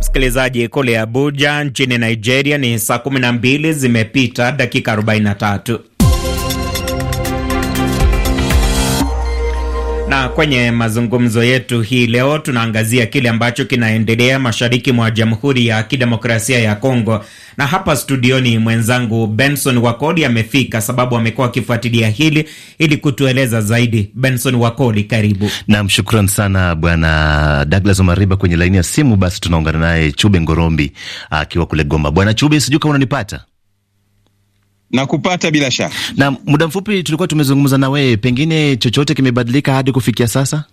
Msikilizaji, kule Abuja nchini Nigeria ni saa 12 zimepita dakika 43. Na kwenye mazungumzo yetu hii leo tunaangazia kile ambacho kinaendelea mashariki mwa Jamhuri ya Kidemokrasia ya Kongo, na hapa studioni mwenzangu Benson Wakoli amefika, sababu amekuwa akifuatilia hili ili kutueleza zaidi. Benson Wakoli, karibu. Naam, shukran sana bwana Douglas Omariba kwenye laini ya simu. Basi tunaungana naye Chube Ngorombi akiwa kule Goma. Bwana Chube, sijui kama unanipata na kupata bila shaka. Na muda mfupi tulikuwa tumezungumza na wewe, pengine chochote kimebadilika hadi kufikia sasa?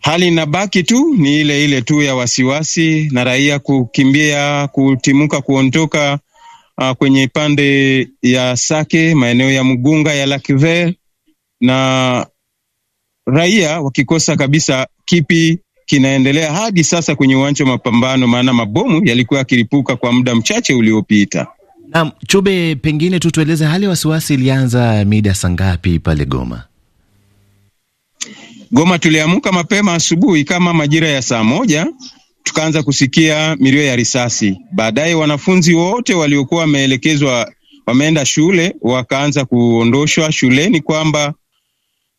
Hali inabaki tu ni ile ile tu ya wasiwasi na raia kukimbia kutimuka kuondoka uh, kwenye pande ya Sake, maeneo ya Mugunga ya Lakver, na raia wakikosa kabisa kipi kinaendelea hadi sasa kwenye uwanja wa mapambano, maana mabomu yalikuwa yakilipuka kwa muda mchache uliopita. Na Chube, pengine tu tueleze hali ya wasiwasi ilianza mida saa ngapi pale Goma? Goma tuliamka mapema asubuhi kama majira ya saa moja tukaanza kusikia milio ya risasi. Baadaye wanafunzi wote waliokuwa wameelekezwa wameenda shule wakaanza kuondoshwa shuleni kwamba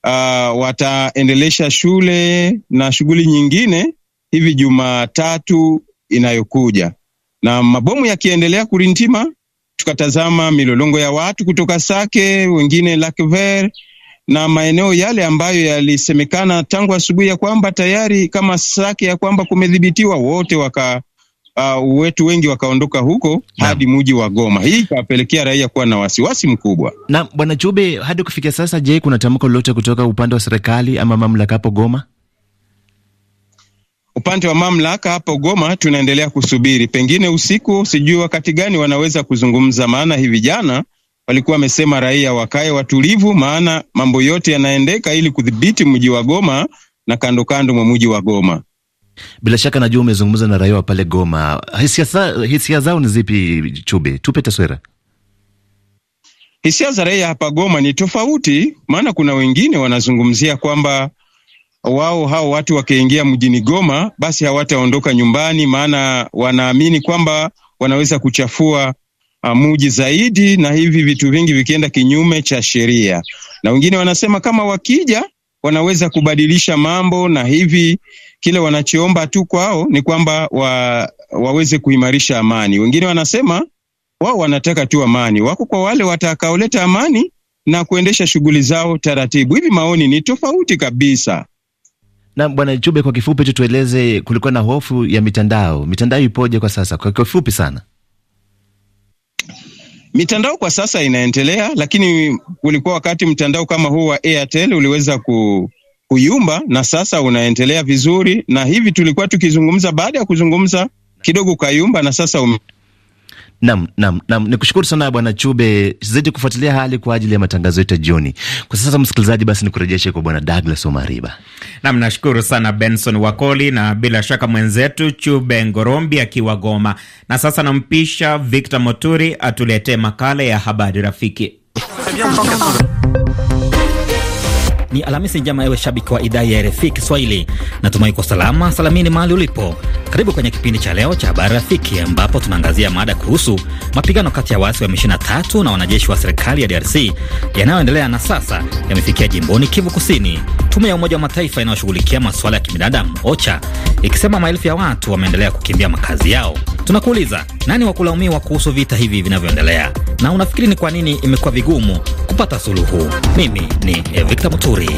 uh, wataendelesha shule na shughuli nyingine hivi Jumatatu inayokuja, na mabomu yakiendelea kurintima tukatazama milolongo ya watu kutoka Sake, wengine Lakver na maeneo yale ambayo yalisemekana tangu asubuhi ya kwamba tayari kama Sake ya kwamba kumedhibitiwa, wote waka uh, wetu wengi wakaondoka huko hadi mji wa Goma. Hii ikawapelekea raia kuwa na wasiwasi mkubwa. Na Bwana Chube, hadi kufikia sasa, je, kuna tamko lolote kutoka upande wa serikali ama mamlaka hapo Goma? Upande wa mamlaka hapo Goma tunaendelea kusubiri, pengine usiku, sijui wakati gani wanaweza kuzungumza, maana hivi jana walikuwa wamesema raia wakae watulivu, maana mambo yote yanaendeka ili kudhibiti mji wa Goma na kando kando mwa mji wa Goma. Bila shaka najua umezungumza na raia wa pale Goma, hisia zao ni zipi? Chube, tupe taswira. Hisia za raia hapa Goma ni tofauti, maana kuna wengine wanazungumzia kwamba wao hao watu wakiingia mjini Goma, basi hawataondoka nyumbani, maana wanaamini kwamba wanaweza kuchafua uh, muji zaidi, na hivi vitu vingi vikienda kinyume cha sheria. Na wengine wanasema kama wakija wanaweza kubadilisha mambo, na hivi kile wanachoomba tu kwao ni kwamba wa, waweze kuimarisha amani. Wengine wanasema wao wanataka tu amani, wako kwa wale watakaoleta amani na kuendesha shughuli zao taratibu. Hivi maoni ni tofauti kabisa. Na Bwana Chube, kwa kifupi tu tueleze, kulikuwa na hofu ya mitandao, mitandao ipoje kwa sasa, kwa kifupi sana? Mitandao kwa sasa inaendelea, lakini ulikuwa wakati mtandao kama huu wa Airtel uliweza ku kuyumba na sasa unaendelea vizuri, na hivi tulikuwa tukizungumza, baada ya kuzungumza kidogo ukayumba, na sasa ume Nam, nam, nam. kushukuru sana Bwana Chube, zidi kufuatilia hali kwa ajili ya matangazo yetu ya jioni. Kwa sasa, msikilizaji, basi ni kurejeshe kwa Bwana Douglas Omariba. Nam, nashukuru sana Benson Wakoli na bila shaka mwenzetu Chube Ngorombi akiwa Goma. Na sasa nampisha Victor Moturi atuletee makala ya habari rafiki. Ni Alhamisi njema, ewe shabiki wa idhaa ya RFI Kiswahili. Natumai kwa salama salamini mahali ulipo karibu kwenye kipindi cha leo cha Habari Rafiki, ambapo tunaangazia mada kuhusu mapigano kati ya waasi wa M23 na wanajeshi wa serikali ya DRC yanayoendelea na sasa yamefikia jimboni Kivu Kusini, tume ya Umoja wa Mataifa inayoshughulikia masuala ya kibinadamu OCHA ikisema maelfu ya watu wameendelea kukimbia makazi yao. Tunakuuliza, nani wa kulaumiwa kuhusu vita hivi vinavyoendelea, na unafikiri ni kwa nini imekuwa vigumu kupata suluhu? Mimi ni Victor Muturi.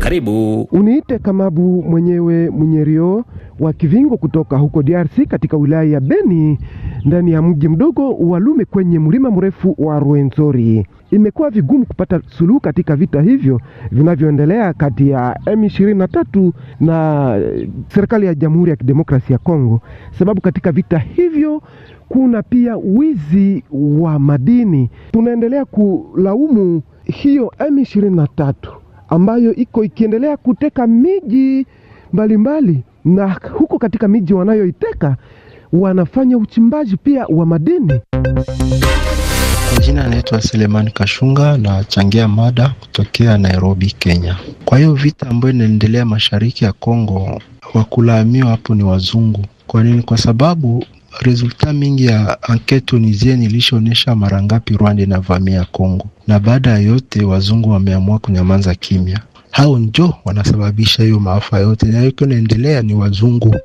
Karibu uniite Kamabu mwenyewe Munyerio wa Kivingo kutoka huko DRC katika wilaya ya Beni ndani ya mji mdogo wa Lume kwenye mlima mrefu wa ruenzori Imekuwa vigumu kupata suluhu katika vita hivyo vinavyoendelea kati ya M23 na eh, serikali ya Jamhuri ya Kidemokrasia ya Kongo, sababu katika vita hivyo kuna pia wizi wa madini. Tunaendelea kulaumu hiyo M23 ambayo iko ikiendelea kuteka miji mbalimbali mbali, na huko katika miji wanayoiteka wanafanya uchimbaji pia wa madini. Jina anaitwa Selemani Kashunga na changia mada kutokea Nairobi, Kenya. Kwa hiyo vita ambayo inaendelea mashariki ya Kongo, wakulaamiwa hapo ni wazungu. Kwa nini? Kwa sababu resulta mingi ya enquete tunisienne ilishaonyesha mara ngapi Rwanda inavamia Kongo, na baada ya yote wazungu wameamua kunyamaza kimya. Hao njo wanasababisha hiyo maafa yote, na yote inaendelea ni wazungu.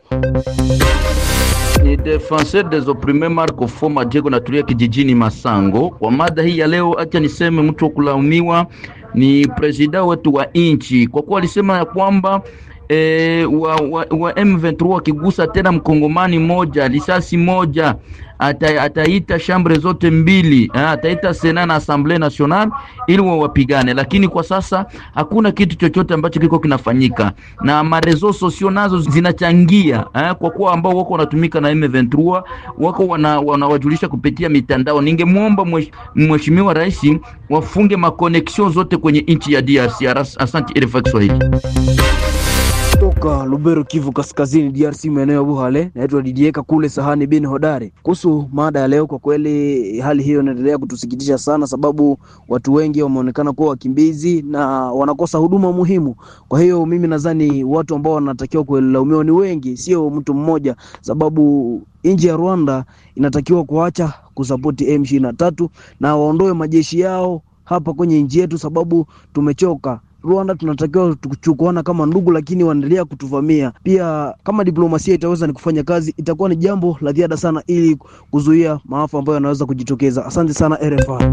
Ni defenseur des opprimes Marco Foma Jego, natulia kijijini Masango. Kwa mada hii ya leo, acha niseme mtu wa kulaumiwa ni presida wetu wa nchi, kwa kuwa alisema ya kwamba e, wa, wa, wa M23 akigusa tena mkongomani moja, risasi moja, ata, ataita shambre zote mbili, ha, ataita sena na assemble nationale ili wawapigane, lakini kwa sasa hakuna kitu chochote ambacho kiko kinafanyika, na marezo sosio nazo zinachangia ha, kwa kuwa ambao wako wanatumika na M23 wako wanawajulisha wana kupitia mitandao. Ningemwomba mheshimiwa rais wafunge makoneksio zote kwenye nchi ya DRC. Asante RFI Kiswahili. Toka Lubero, Kivu Kaskazini, DRC, maeneo ya Buhale. Naitwa Didieka kule sahani bin hodari. Kuhusu mada ya leo, kwa kweli hali hiyo inaendelea kutusikitisha sana, sababu watu wengi wameonekana kuwa wakimbizi na wanakosa huduma muhimu. Kwa hiyo mimi nadhani watu ambao wanatakiwa kulaumiwa ni wengi, sio mtu mmoja, sababu nchi ya Rwanda inatakiwa kuacha kusapoti M23 na waondoe majeshi yao hapa kwenye nchi yetu, sababu tumechoka. Rwanda tunatakiwa tukuchukuana kama ndugu, lakini waendelea kutuvamia. Pia kama diplomasia itaweza ni kufanya kazi, itakuwa ni jambo la ziada sana, ili kuzuia maafa ambayo yanaweza kujitokeza. Asante sana RFA.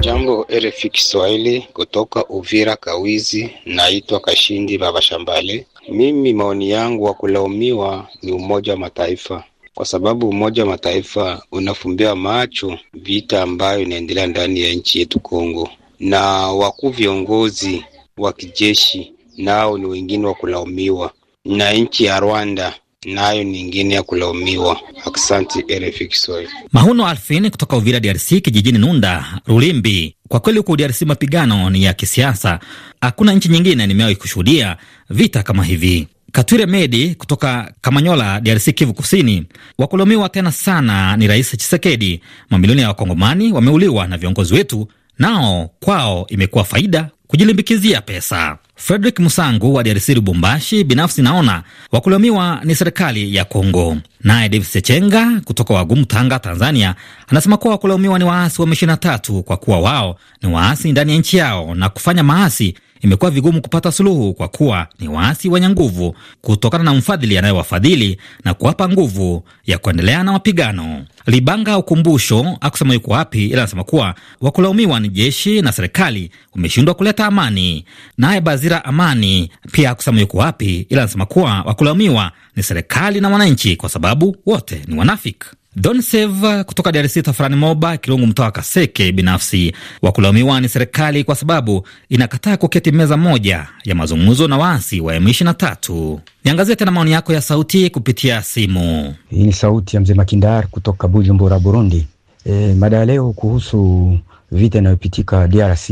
Jambo RFI Kiswahili kutoka Uvira Kawizi, naitwa Kashindi Baba Shambale. Mimi maoni yangu, wa kulaumiwa ni Umoja wa Mataifa kwa sababu Umoja wa Mataifa unafumbia macho vita ambayo inaendelea ndani ya nchi yetu Kongo na wakuu viongozi wa kijeshi nao ni wengine wa kulaumiwa, na nchi ya Rwanda nayo ni ingine ya kulaumiwa. Aksanti RFI Kiswahili. Mahuno Alfin kutoka Uvira DRC, kijijini Nunda Rulimbi. Kwa kweli huko DRC mapigano ni ya kisiasa, hakuna nchi nyingine nimewahi kushuhudia vita kama hivi. Katwire Medi kutoka Kamanyola, DRC, Kivu Kusini. Wakulaumiwa tena sana ni Rais Chisekedi. Mamilioni ya Wakongomani wameuliwa na viongozi wetu nao kwao imekuwa faida kujilimbikizia pesa. Frederick Musangu wa DRC Lubumbashi, binafsi naona wakulaumiwa ni serikali ya Kongo. Naye David Sechenga kutoka Wagumu, Tanga, Tanzania, anasema kuwa wakulaumiwa ni waasi wa M23 kwa kuwa wao ni waasi ndani ya nchi yao na kufanya maasi imekuwa vigumu kupata suluhu kwa kuwa ni waasi wenye nguvu kutokana na mfadhili anayewafadhili na kuwapa nguvu ya kuendelea na mapigano. Libanga Ukumbusho akusema yuko wapi, ila anasema kuwa wakulaumiwa ni jeshi na serikali umeshindwa kuleta amani. Naye Bazira Amani pia akusema yuko wapi, ila anasema kuwa wakulaumiwa ni serikali na wananchi, kwa sababu wote ni wanafiki. Donsev kutoka DRC, Tafrani Moba Kirungu mtoa Kaseke binafsi wa kulaumiwa ni serikali kwa sababu inakataa kuketi meza moja ya mazungumzo na waasi wa M23. Niangazie tena maoni yako ya sauti kupitia simu. Hii ni sauti ya mzee Makindar kutoka Bujumbura, Burundi. E, mada ya leo kuhusu vita inayopitika DRC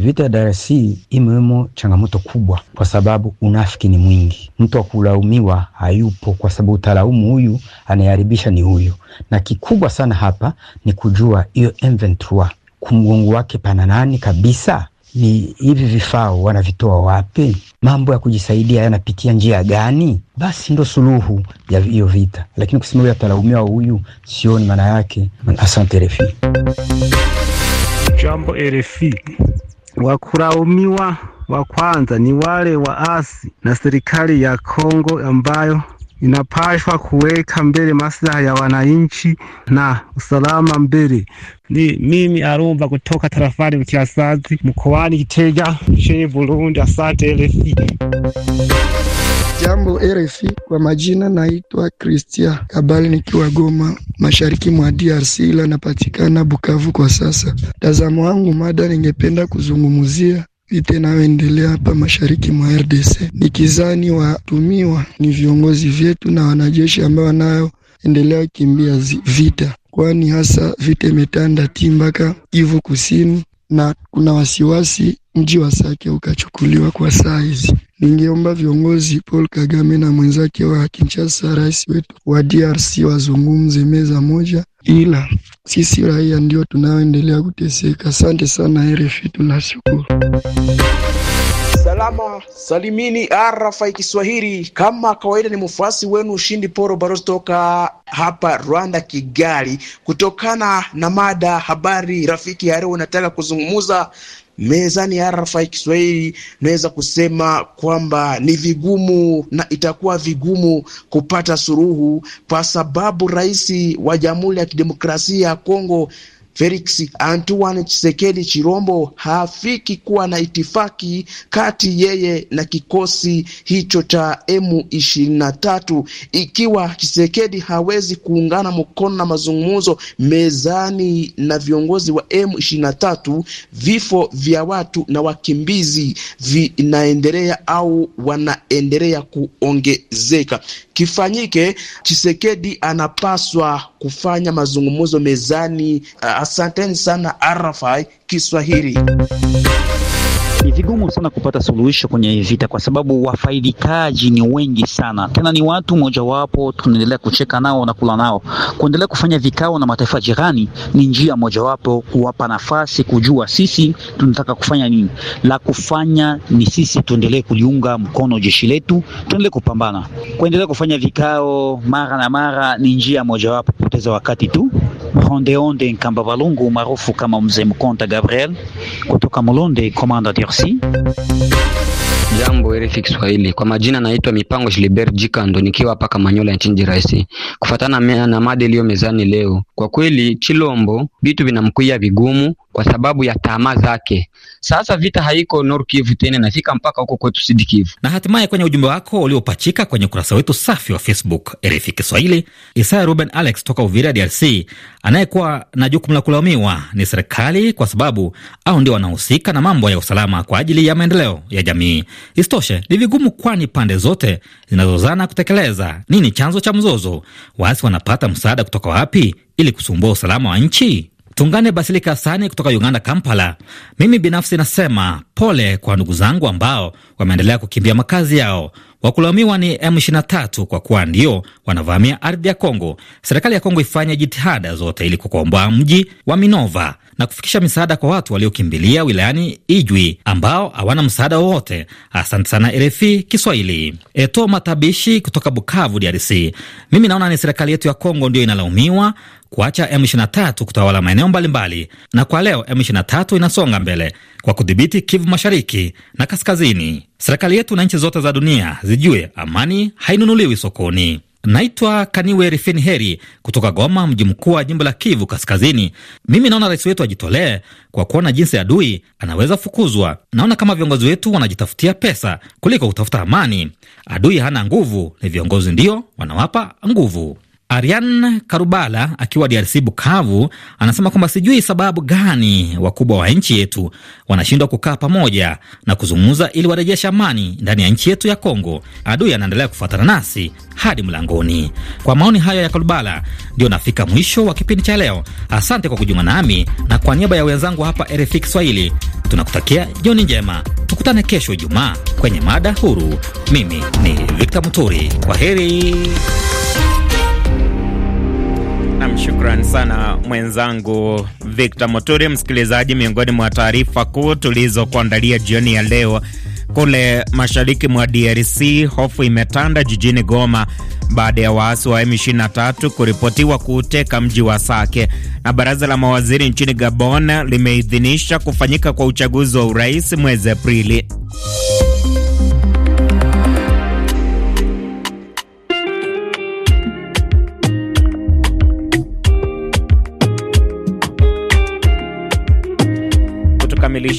Vita ya DRC imewemo changamoto kubwa, kwa sababu unafiki ni mwingi. Mtu wa kulaumiwa hayupo, kwa sababu utalaumu huyu, anayeharibisha ni huyu. Na kikubwa sana hapa ni kujua hiyo M23 kumgongo wake pana nani kabisa ni hivi vifaa wanavitoa wapi? Mambo ya kujisaidia yanapitia njia gani? Basi ndo suluhu ya hiyo vita, lakini kusema huyu atalaumiwa huyu, sioni maana yake. Asante refi jambo RFI Wakulaumiwa wa kwanza ni wale waasi na serikali ya Kongo ambayo inapashwa kuweka mbele maslaha ya wananchi na usalama mbele. Ni mimi Arumba kutoka tarafani Mkiasazi mkoani Kitega nchini Burundi. Asante RFI. Jambo RFI, kwa majina naitwa Christian Kabali nikiwa Goma, mashariki mwa DRC, ila napatikana Bukavu kwa sasa. tazamo wangu, mada ningependa kuzungumzia vita inayoendelea hapa mashariki mwa RDC. Nikizani watumiwa ni viongozi vyetu na wanajeshi ambao wanayoendelea kimbia vita, kwani hasa vita imetanda ti mpaka Kivu Kusini, na kuna wasiwasi mji wa Sake ukachukuliwa kwa saa hizi. Ningeomba viongozi Paul Kagame na mwenzake wa Kinshasa, rais wetu wa DRC, wazungumze meza moja, ila sisi raia ndio tunaoendelea kuteseka. Asante sana RFI, tunashukuru. Salama salimini RFI Kiswahili, kama kawaida ni mfuasi wenu Ushindi Poro Barosi toka hapa Rwanda, Kigali, kutokana na mada habari rafiki ya leo nataka kuzungumza mezani ya RFI Kiswahili naweza kusema kwamba ni vigumu na itakuwa vigumu kupata suruhu kwa sababu rais wa Jamhuri ya Kidemokrasia ya Kongo Felix Antoine Chisekedi Chirombo hafiki kuwa na itifaki kati yeye na kikosi hicho cha M23 ikiwa chisekedi hawezi kuungana mkono na mazungumzo mezani na viongozi wa M23. Vifo vya watu na wakimbizi vinaendelea au wanaendelea kuongezeka. Kifanyike, chisekedi anapaswa kufanya mazungumzo mezani. Uh, asanteni sana RFI Kiswahili. Ni vigumu sana kupata suluhisho kwenye vita, kwa sababu wafaidikaji ni wengi sana, tena ni watu mojawapo tunaendelea kucheka nao na kula nao. Kuendelea kufanya vikao na mataifa jirani ni njia mojawapo kuwapa nafasi kujua sisi tunataka kufanya nini. La kufanya ni sisi tuendelee kuliunga mkono jeshi letu, tuendelee kupambana. Kuendelea kufanya vikao mara na mara ni njia mojawapo kupoteza wakati tu. Rondeonde Nkamba Balungu maarufu kama Mzee Mkonta Gabriel kutoka Mulonde Komanda DRC. Jambo RFI Kiswahili, kwa majina naitwa Mipango Shilibert Jikando, nikiwa hapa Kamanyola nchini DRC. Kufatana na mada iliyo mezani leo, kwa kweli Chilombo vitu vinamkuia vigumu kwa sababu ya tamaa zake. Sasa vita haiko Nord Kivu tena, inafika mpaka huko kwetu Sud Kivu. Na hatimaye kwenye ujumbe wako uliopachika kwenye ukurasa wetu safi wa Facebook RFI Kiswahili, Isaya Ruben Alex toka Uvira, DRC, anayekuwa na jukumu la kulaumiwa ni serikali, kwa sababu au ndio wanahusika na mambo ya usalama kwa ajili ya maendeleo ya jamii. Isitoshe ni vigumu, kwani pande zote zinazozana kutekeleza. Nini chanzo cha mzozo? Waasi wanapata msaada kutoka wapi ili kusumbua usalama wa nchi? Tungane Basilika Sani kutoka Uganda, Kampala. Mimi binafsi nasema pole kwa ndugu zangu ambao wameendelea kukimbia makazi yao. Wakulaumiwa ni M23 kwa kuwa ndio wanavamia ardhi ya Kongo. Serikali ya Kongo ifanye jitihada zote ili kukomboa mji wa Minova na kufikisha misaada kwa watu waliokimbilia wilayani Ijwi ambao hawana msaada wowote. Asante sana RFI Kiswahili. Eto Matabishi kutoka Bukavu, DRC. Mimi naona ni serikali yetu ya Kongo ndio inalaumiwa kuacha M23 kutawala maeneo mbalimbali, na kwa leo M23 inasonga mbele kwa kudhibiti Kivu mashariki na kaskazini. Serikali yetu na nchi zote za dunia zijue amani hainunuliwi sokoni. Naitwa Kaniwe Rifin Heri kutoka Goma, mji mkuu wa jimbo la Kivu Kaskazini. Mimi naona rais wetu ajitolee kwa kuona jinsi adui anaweza fukuzwa. Naona kama viongozi wetu wanajitafutia pesa kuliko kutafuta amani. Adui hana nguvu, ni viongozi ndio wanawapa nguvu. Arian Karubala akiwa DRC Bukavu anasema kwamba sijui sababu gani wakubwa wa nchi yetu wanashindwa kukaa pamoja na kuzungumza ili warejeshe amani ndani ya nchi yetu ya Kongo. Adui anaendelea kufuatana nasi hadi mlangoni. Kwa maoni hayo ya Karubala, ndio nafika mwisho wa kipindi cha leo. Asante kwa kujiunga nami, na kwa niaba ya wenzangu hapa RFI Kiswahili tunakutakia jioni njema. Tukutane kesho Ijumaa kwenye mada huru. Mimi ni Victor Muturi, kwa heri. Shukran sana mwenzangu Victor Moturi. Msikilizaji, miongoni mwa taarifa kuu tulizokuandalia jioni ya leo, kule mashariki mwa DRC hofu imetanda jijini Goma baada ya waasi wa M23 kuripotiwa kuuteka mji wa Sake, na baraza la mawaziri nchini Gabon limeidhinisha kufanyika kwa uchaguzi wa urais mwezi Aprili.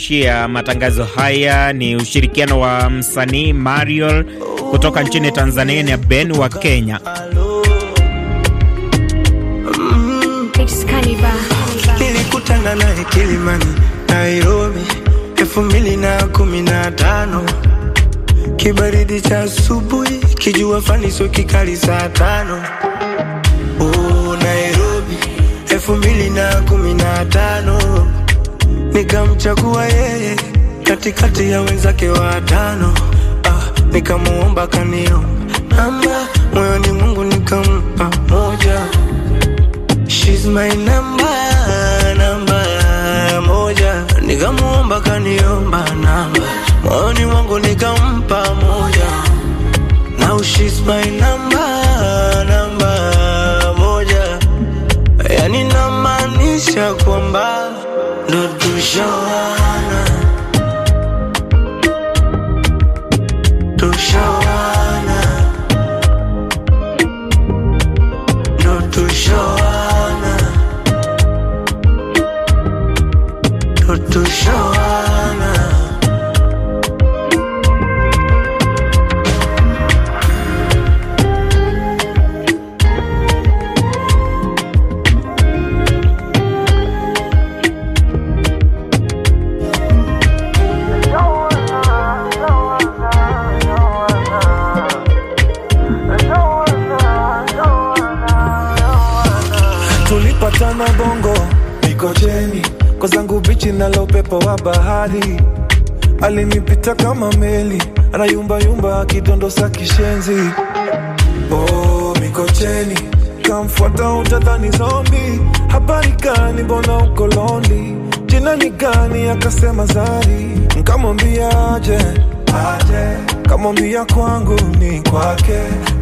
mapishi ya matangazo haya ni ushirikiano wa msanii Mariol kutoka nchini Tanzania na Ben wa Kenya. Nilikutana naye Kilimani, Nairobi elfu mbili na kumi na tano kibaridi cha asubuhi, kijua fani sio kikali saa tano oh, Nairobi elfu mbili na kumi na tano nikamchagua yeye katikati ya wenzake watano. Ah, nikamuomba kanio namba moyoni Mungu nikampa moja, she's my number, namba moja. Nikamuomba kaniomba namba moyoni mwangu nikampa moja, now she's my number, namba moja. Yani namaanisha kwamba Johanna To Johanna No to Johanna No to Johanna kwa bahari alinipita kama meli, anayumbayumba akidondosa kishenzi. Oh, Mikocheni kamfuata utadhani zombi. Habari gani, mbona uko lonely? Jina ni gani? Akasema Zari. Nkamwambia aje, aje kamwambia kwangu ni kwake,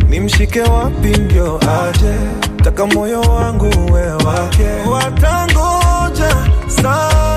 nimshike wapi ndio aje, taka moyo wangu we wake, watangoja saa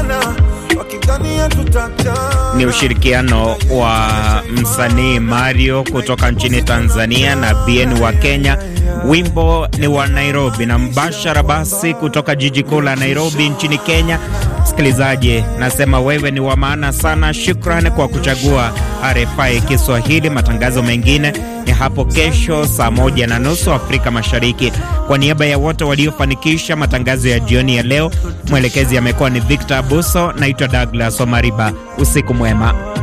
ni ushirikiano wa msanii Mario kutoka nchini Tanzania na Bien wa Kenya Wimbo ni wa Nairobi na mbashara basi kutoka jiji kuu la Nairobi nchini Kenya. Msikilizaji, nasema wewe ni wa maana sana. Shukrani kwa kuchagua RFI Kiswahili. Matangazo mengine ni hapo kesho saa moja na nusu Afrika Mashariki. Kwa niaba ya wote waliofanikisha matangazo ya jioni ya leo, mwelekezi amekuwa ni Victor abuso Naitwa Douglas Omariba, usiku mwema.